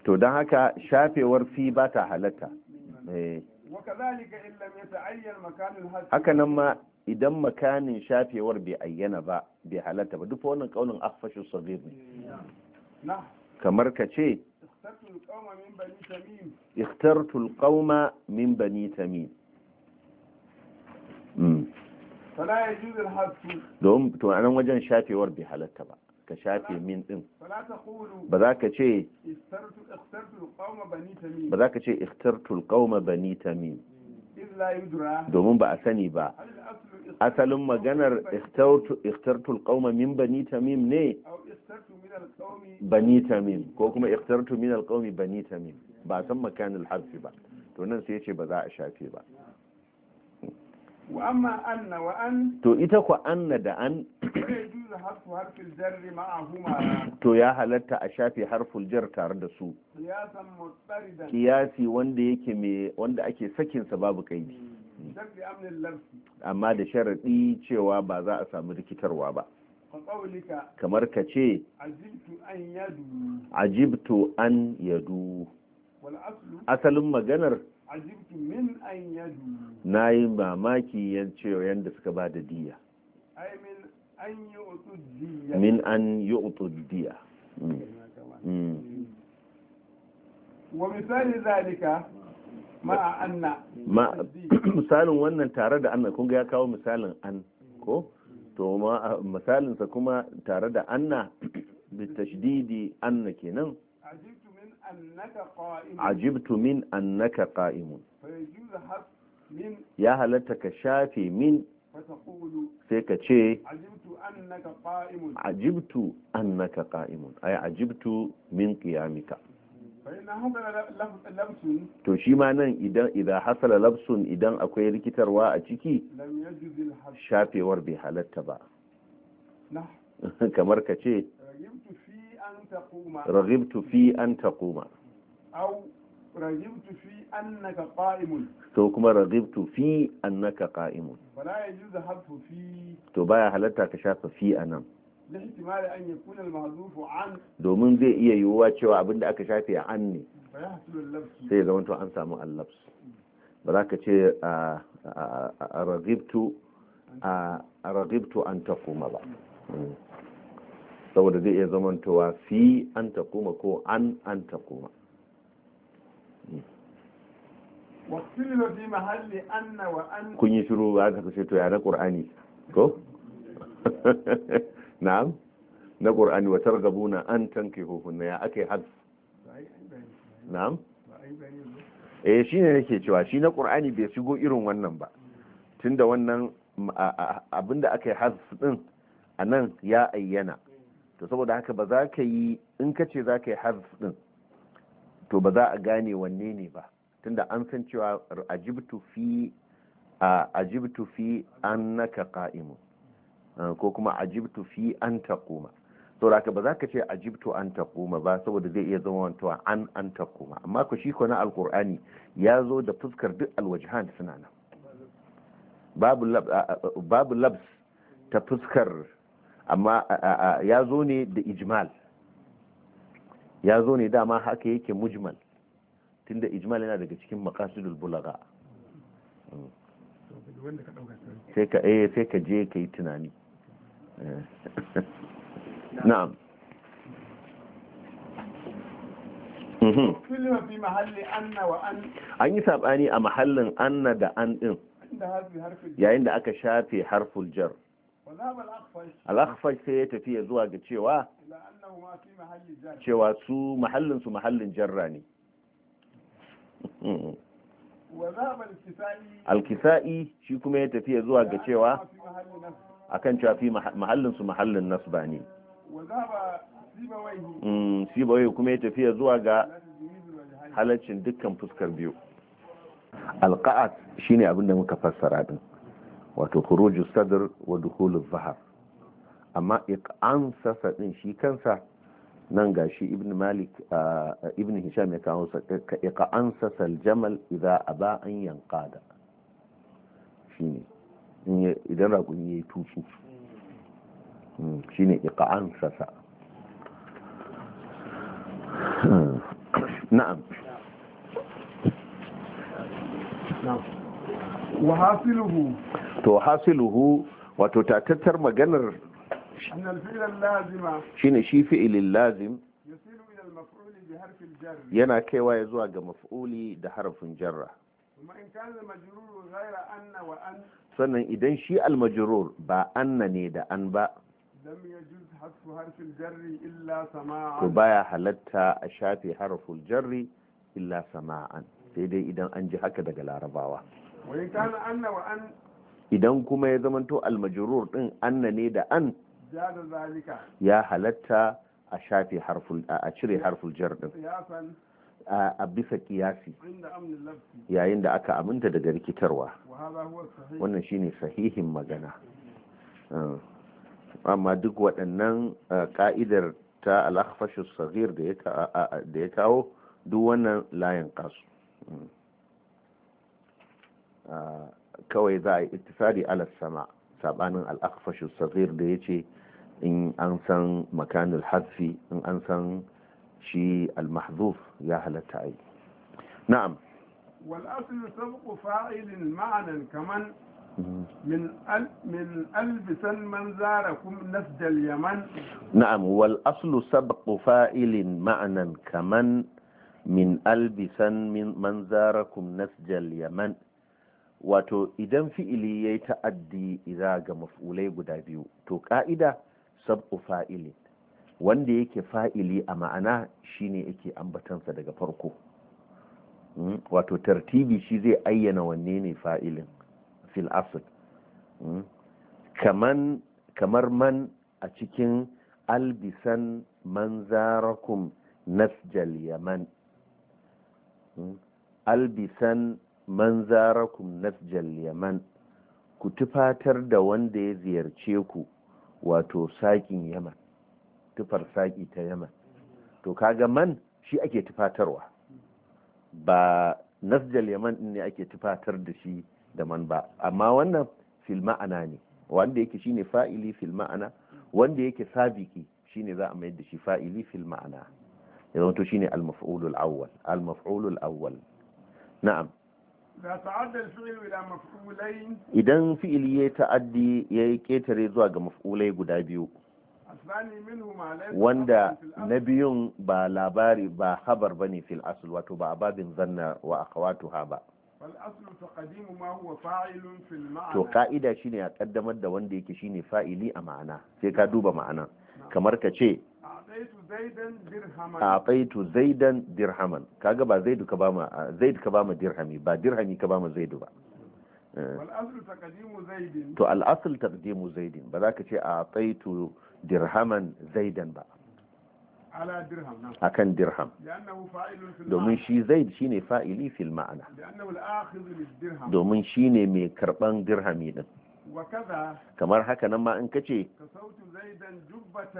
to don haka shafewar fi ba ta halatta eh. haka nan ma idan makanin shafewar bai ayyana ba bai halatta ba duk wannan kaunin afashin sabir ne kamar ka ce ikhtartul qauma min bani tamim fala yajuz al-hadd don to wajen shafewar bai halatta ba ka shafe min din ba za ka ce ba za ka ce ikhtartul qauma bani tamim domin ba a sani ba asalin maganar ikhtartul qauma min bani tamim ne bani tamim ko kuma ikhtartu min alqaumi bani tamim ba san makanul harfi ba to nan sai ya ce ba za a shafe ba to ita ku anna da an to ya halatta a shafe harful jar tare da su kiyasi wanda yake mai wanda ake sakinsa babu kaidi hmm. amma da sharaɗi cewa ba za a samu rikitarwa ba kamar ka ce ajibtu an yadu asalin maganar na yi mamaki yan cewa yadda suka ba da diya min an yi otu diya mm. Mm. wa misali zalika a anna misalin wannan tare da anna kunga ya kawo misalin an ko to misalinsa kuma tare da anna bitashdidi anna kenan ajibtu min annaka qa'imun ya halatta ka shafe min sai ka ce ajibtu annaka qa'imun ay ajibtu min qiyamika to shi ma nan idan idza hasala labsun idan akwai rikitarwa a ciki shafewar bai halatta ba kamar ka ce ragibtu fi an taquma ragibtu fi annaka qa'imun to kuma ragibtu fi annaka qa'imun fala yajuzu hadfu fi to baya halatta ka shafa fi anan domin zai iya yiwuwa cewa abinda aka shafe a ne sai zama to an samu allabs ba za ka ce a ragibtu an takuma ba hmm. saboda zai iya zamantowa fi an ta kuma ko an an ta kuma kun yi shiru ba aka kashe to ya na ƙur'ani ko? na'am na ƙur'ani wa targabuna an tanke hukunna ya ake yi hadsu na'am eh shi ne nake cewa shi na ƙur'ani bai shigo irin wannan ba tunda wannan abinda ake yi din a nan ya ayyana to saboda haka ba za ka yi in ka ce za ka yi harf din to ba za a gane wanne ne ba tunda an san cewa ajibtu fi a ajibtu fi annaka qa'imu ko kuma ajibtu fi an taquma saboda haka ba za ka ce ajibtu an taquma ba saboda zai iya zama wantawa an an taquma amma ku shi ko na alqur'ani ya zo da fuskar duk alwajhan suna nan babu labs ta fuskar amma ya zo ne da ijmal ya zo ne dama haka yake mujmal tunda ijmal yana daga cikin maqasidul bulaga sai ka eh sai ka je ka yi tunani eh. na'am mhm. an yi saɓani a mahallin anna da an ɗin yayin da aka shafe harful jar al'akfar sai ya tafiya zuwa ga cewa cewa su mahallin su mahallin jarra ne alkisa'i shi kuma ya tafiya zuwa ga cewa akan cewa fi mahallin su mahallin nasba ne mm, sibawai kuma ya ya zuwa ga halaccin dukkan fuskar biyu shi ne abin da muka fassara din wato khuruju sadr wa dukhulu zahar amma iqan sasa din shi kansa nan gashi ibn malik ibn hisham ya kawo sa iqan sasa jamal idza aba an yanqada shine idan raƙumi yayi tutsu hmm, shine iqan sasa hmm. na'am na'am wa hasiluhu to hasiluhu wato tatattar maganar ne shi fi'ilin lazim yana kaiwa ya zuwa ga maf'uli da harafin jarra sannan idan shi almajrur ba anna ne da an ba to baya halatta a shafi harafin jarri illa sama'an sai dai idan an ji haka daga larabawa idan kuma ya zamanto almajirur din anna ne da an ya halatta a shafi harful a cire harful jar a bisa kiyasi yayin da aka aminta daga rikitarwa wannan shine sahihin magana ah. amma duk waɗannan ah, ka'idar ta alakfashin sahir da ya kawo duk wannan layin kasu hmm. kawai za a yi ittifari ala sama sabanin al'akfashin safir da ya ce in an san makanul harfi in an san shi al-mahzuf ya halatta a yi na'am wal aslu sabqu fa'ilin ma'anin kaman من من ألبسا من زاركم نسج اليمن نعم والأصل سبق فائل معنى كمن من ألبسا من من زاركم نسج اليمن wato idan fi'ili ya yi ta'addi idza ga maf'ulai guda biyu to ka'ida sab'u fa'ili wanda yake fa'ili a ma'ana shine yake ambatansa daga farko hmm, wato tartibi shi zai ayyana wanne ne fa'ilin fil asl hmm, kamar man a cikin albisan manzarakum nasjal yaman hmm, albisan man zarakum nasjal yaman ku tufatar da wanda ya ziyarce ku wato sakin yaman tufar saki ta yaman to kaga man shi ake tufatarwa ba nasjal yaman ne ake tufatar da shi da man ba amma wannan fil ma'ana ne wanda yake shine fa'ili fil ma'ana wanda yake sabiki shine za a mayar da shi fa'ili fil ma'ana ya to shine al-maf'ulul awwal al-maf'ulul awwal na'am idan fi'ili ya ta'addi ya yi ƙetare zuwa ga maf'ulai guda biyu wanda na biyun ba labari ba habar ba ne fil asul wato ba babin zanna wa akawatu ha ba to ka'ida shine a kaddamar da wanda yake shine fa'ili a ma'ana sai ka duba ma'ana kamar ka ce a'taitu zaidan dirhaman kaga ba zaidu ka ba ma zaid ka ba ma dirhami ba dirhami ka ba ma zaidu ba eh. to al'asul taqdimu zaidin ba za ka ce a'taitu dirhaman zaidan ba akan dirham domin shi zaid shine fa'ili fil ma'ana domin shine mai karban dirhami din kamar haka nan ma in ka ce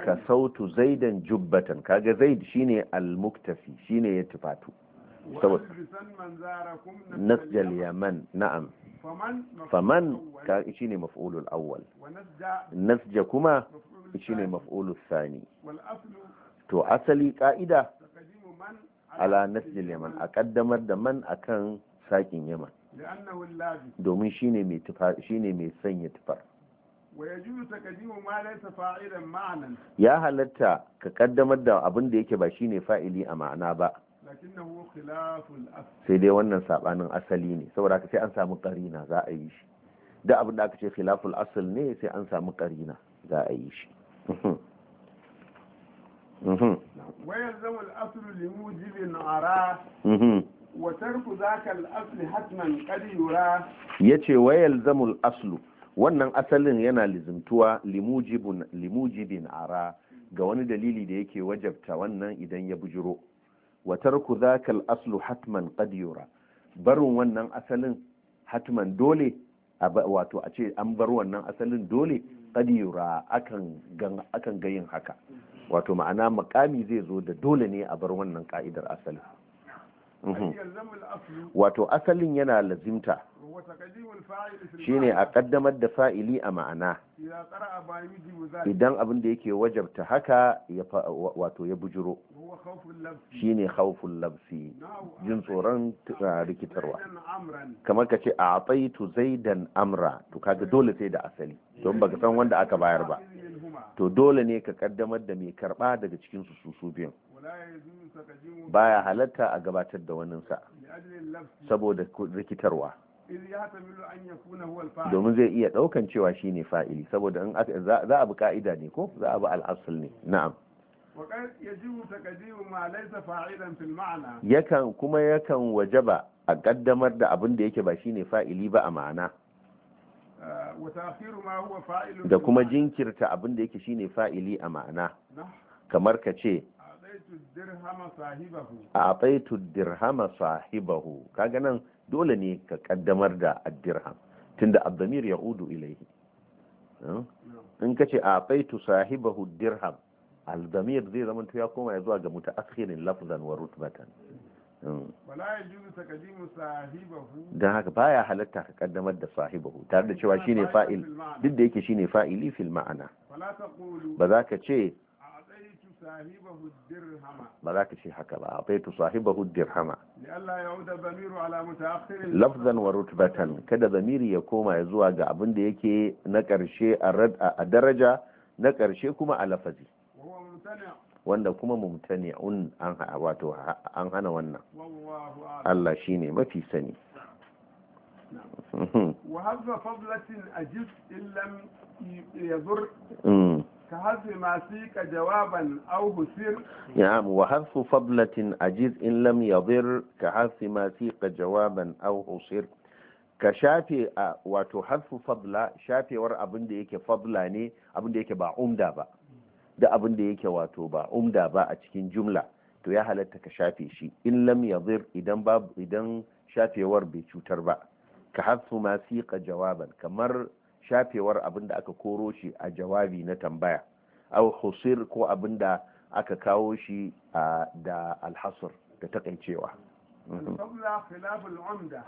ka sautu zaidan jubbatan kaga zaid shine al-muktafi shine ya tufatu saboda nasjal yaman na'am faman ka shine maf'ulul awwal nasja kuma shine maf'ulul thani to asali ka'ida ala nasjal yaman a kaddamar da man akan sakin yaman domin shi ne mai sanya tufar ya halatta ka kaddamar da abin da yake ba shi ne fa'ili a ma'ana ba sai dai wannan sabanin asali ne saboda ka sai an samu karina za a yi shi da abin da aka ce khilaful asal ne sai an samu karina za a yi shi ويلزم limu jibin عراه ya ce wayal zamul hatman kadiyura. Ya ce zamul aslu wannan asalin yana lizimtuwa limuji limujibin ara ga wani dalili da yake wajabta wannan idan ya bujiro wa tarku za aslu hatman kadiyura barin wannan asalin hatman dole wato a ce an bar wannan asalin dole kadiyura akan gayin haka wato ma'ana makami zai zo da dole ne a bar wannan ka'idar asalin wato asalin yana lazimta shine a kaddamar da fa'ili a ma'ana idan abin da yake wajabta haka wato ya bujiro shine haufin labsi jin tsoron ah, rikitarwa kamar ka ce a tsaitu zaidan amra to kaga eh. dole sai da asali don baka san wanda aka bayar ba to dole ne ka kaddamar da mai karba daga cikin su su biyun baya halatta a gabatar da waninsa saboda rikitarwa domin zai iya daukan cewa shine fa'ili saboda in za a bi ka'ida ne ko za a bi al'asul ne na'am yakan kuma yakan wajaba a kaddamar da abin da yake ba shine fa'ili ba a ma'ana da kuma jinkirta abin da yake shine fa'ili a ma'ana kamar ka ce a dirhama sahibahu kaga nan dole ne ka kaddamar da addirham tunda abdamir ya udu ilaihi in ka ce a baitu sahibahu dirham aldamir zai zama ya koma ya zuwa ga mutaakhirin lafzan wa rutbatan don haka baya halatta ka kaddamar da sahibahu tare da cewa shine fa'il duk da yake shine fa'ili fil ma'ana ba za ka ce ba za ka ce haka ba a faitu sahibahu dirhama lafzan wa rutbatan kada zamiri ya koma ya zuwa ga abin da yake na karshe a daraja na karshe kuma a lafazi wanda kuma un an wato an hana wannan Allah shine mafi sani wa hazza fadlatin ajiz illam yadur mm. كحذف ما سيك جوابا أو هسر نعم وحذف فضلة أجيز إن لم يضر كحذف ما سيك جوابا أو هسر ka shafe a wato harfu fadla shafewar abin da yake fadla ne abin yake ba umda ba da abin yake wato ba umda ba a cikin jumla to ya halatta ka shafe shi in lam yadir idan babu idan shafewar bai cutar ba ka harfu ma siqa jawaban kamar shafewar abin da aka koro shi a jawabi na tambaya au husir ko abin da aka kawo shi da alhasar da takaicewa mm-hmm.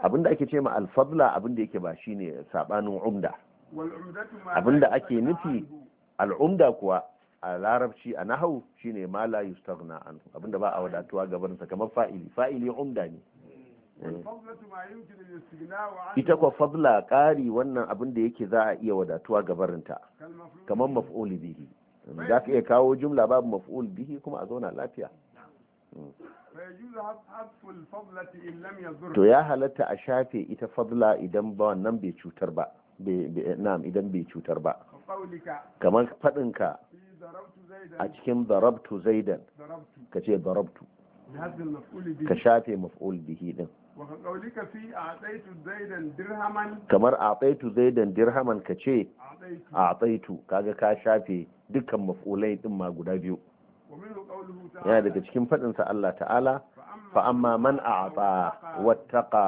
abin da ake ce ma alfabla abin da yake ba shine sabanin umda abin da ake nufi al'umda kuwa a larabci a nahau shine ma la yustaghna anhu abinda ba a wadatuwa gaban sa kamar fa'ili fa'ili umda ne Eh. ita kwa fadla ƙari wannan abin da yake za a iya wadatuwa gabarinta kamar maf'ul bihi za ka iya kawo jumla babu maf'ul bihi kuma a zauna lafiya hmm. to ya halatta a shafe ita fadla idan ba wannan bai cutar ba na'am idan bai cutar ba kamar faɗinka a cikin darabtu zaidan ka ce darabtu ka shafe maf'ul bihi din kamar a tsaitu zaidan dirhaman ka ce a tsaitu kaga ka shafe dukkan mafulai din ma guda biyu yana daga cikin faɗinsa Allah ta'ala fa amma man a a'ata wattaqa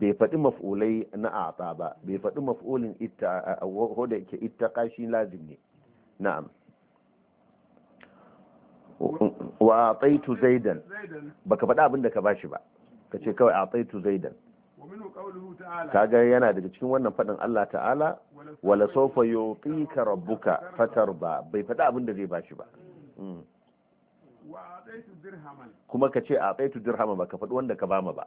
bai faɗi maf'ulai na a a'ata ba bai faɗi maf'ulin a wadda yake ita kashi lazim ne na'am wa ataitu zaidan baka faɗi abin da ka bashi ba ka ce kawai a tsaitu zaidan kaga yana daga cikin wannan faɗin Allah ta'ala wala sofa yuqika rabbuka ba. bai faɗi abin da zai bashi ba mm. kuma ka ce a tsaitu dirhama ba ka faɗi wanda ka bama ba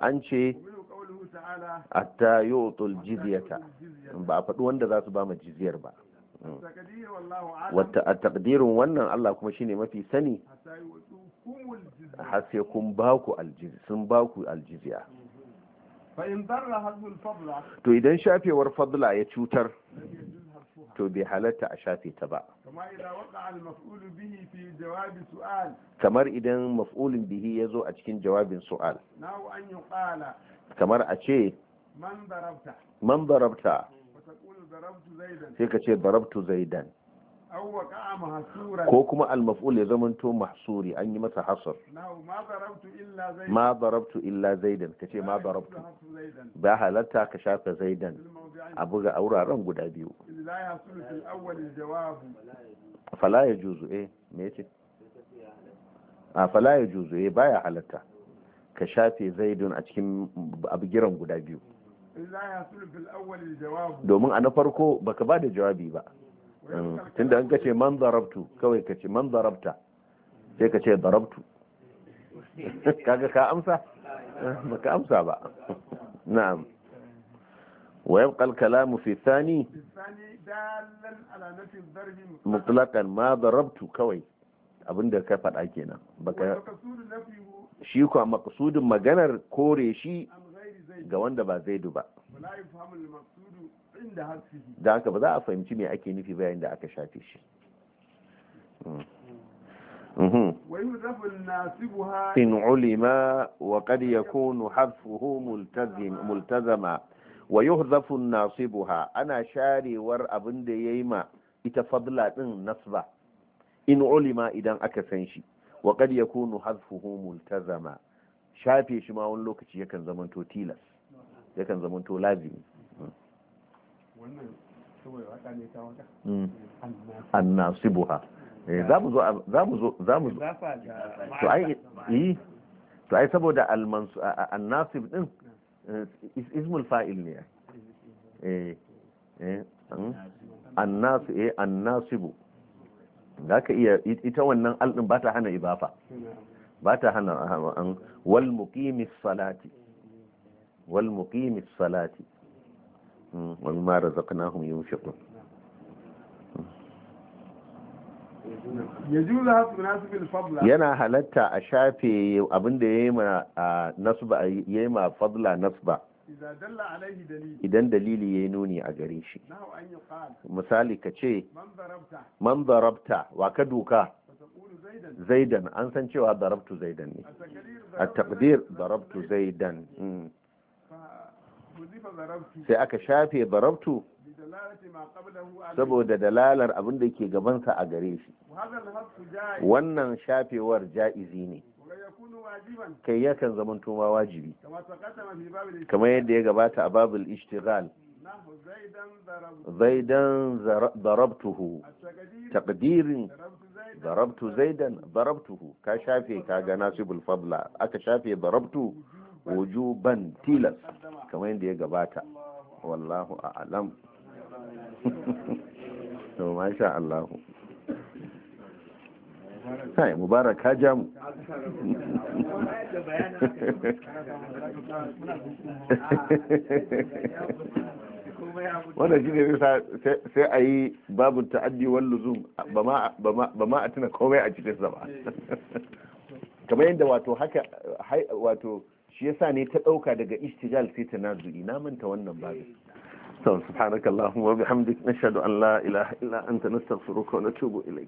an ce yi yutul jizyata ba a faɗi wanda za su bama jizyar ba mm. wata a takdirin wannan Allah kuma shine mafi sani har sai kun ba ku aljizi sun ba ku aljiziya to idan shafewar fadla ya cutar to bai halatta a shafe ta ba kamar idan maf'ulun bihi ya zo a cikin jawabin su'al kamar a ce man barabta sai ka ce barabtu zaidan ko kuma al-maf'ul ya zamanto mahsuri an yi masa hasar ma darabtu illa zaidan kace ma darabtu ba halatta ka shafa zaidan a buga a wuraren guda biyu fala ya juzu eh me yace a fala ya juzu eh, baya halatta ka shafe zaidun a cikin abugiran guda biyu domin a na farko baka ba da jawabi ba tunda an kace man zarabtu kawai kace man zarabta sai kace zarabtu kaga ka amsa ba ka amsa ba na'am wa yabqa al-kalam fi thani mutlaqan ma zarabtu kawai abinda ka faɗa kenan baka shi ko maqsudin maganar kore shi ga wanda ba zaidu ba da haka ba za a fahimci me ake nufi bayan da aka shafe shi mm. mm-hmm. in ulima wa qad yakunu hafuhu multazama wa yuhdhafu nasibuha ana sharewar abin da yayi ma ita fadla din nasba in ulima idan aka san shi wa qad yakunu hadfuhu multazama shafe shi ma wani lokaci yakan zamanto tilas yakan zamanto lazimi Mm. annasibuha eh, za mu zo za mu zo to ai yi eh. to ai saboda annasib din eh, ismul fa'il ne eh hmm? eh annasibu za ka iya ita wannan aldin ba ta hana ibafa ba ta hana wal muqimis salati wal muqimis salati wa mimma razaqnahum yana halatta a shafe abinda ya yi ma nasba ya yi ma fadla nasba idan dalili ya yi nuni a gare shi misali ka ce man darabta wa ka duka zaidan an san cewa darabtu zaidan ne a takdir darabtu zaidan sai aka shafe barabtu saboda dalalar abin da ke gabansa a gare shi wannan shafewar ja'izi ne kai yakan zaman tuma wajibi kamar yadda ya gabata a babul ishtigal zaidan darabtuhu takdirin zarabtu zaidan darabtuhu ka shafe ka ga nasibul fabla aka shafe zarabtu wujuban tilas kamar yadda ya gabata wallahu a'lam to masha Allah sai mubarak ka ja mu wannan shi ne sai a yi babu ta'addi wal luzum ba ma a tuna komai a sa ba kamar yadda wato haka wato shi yasa ne ta ɗauka daga ishtigal sai ta nazu na manta wannan babu subhanakallahumma wa bihamdika nashhadu an la ilaha illa anta nastaghfiruka wa natubu